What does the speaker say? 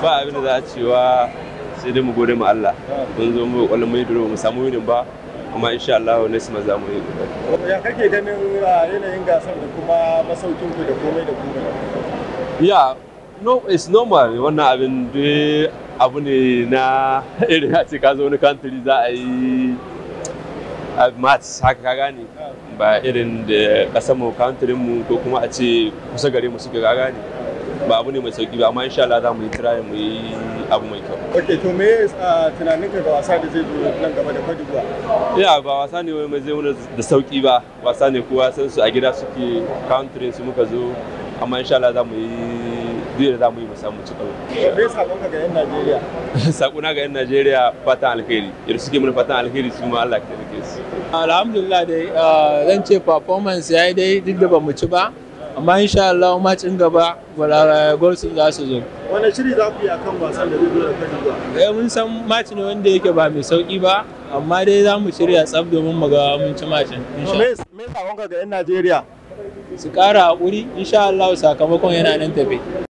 ba abin da za a cewa sai dai mu gode mu Allah mun zo mu kwallon mai duro mu samu yinin ba kuma insha Allah wani ma za mu yi ya kake ganin yanayin gasar da kuma masaukin ku da komai da komai ya no it's normal wannan abin dai abu ne na irin a ce ka zo wani country za a yi match haka ka gane ba irin da kasar mu country mu ko kuma a ce kusa gare mu suke ka gane ba abu ne mai sauki ba amma insha Allah za mu yi tirayin mu yi abu mai kyau. Ok to me tunaninka ga wasa da zai zo nan gaba da Cote Ya ba wasa ne mai zai wani da sauki ba wasa ne kowa san su a gida suke country su muka zo amma insha Allah za mu yi zai za mu yi musamman samu ci karo. Me sakonka ga 'yan Najeriya? Sakona ga 'yan Najeriya fatan alheri. Yadda suke mun fatan alheri su ma Allah ka taimake su. Alhamdulillah dai ah, zan ce performance yayi dai duk da bamu ci ba. amma insha Allah macin gaba sun za su zo wani shiri za ku yi akan wasan da zai zo da kan eh mun san macin ne wanda yake ba mai sauki ba amma dai za mu shirya tsaf domin mu ga mun ci macin insha Allah me sakon ga 'yan Najeriya su kara haƙuri insha Allah sakamakon yana nan tafe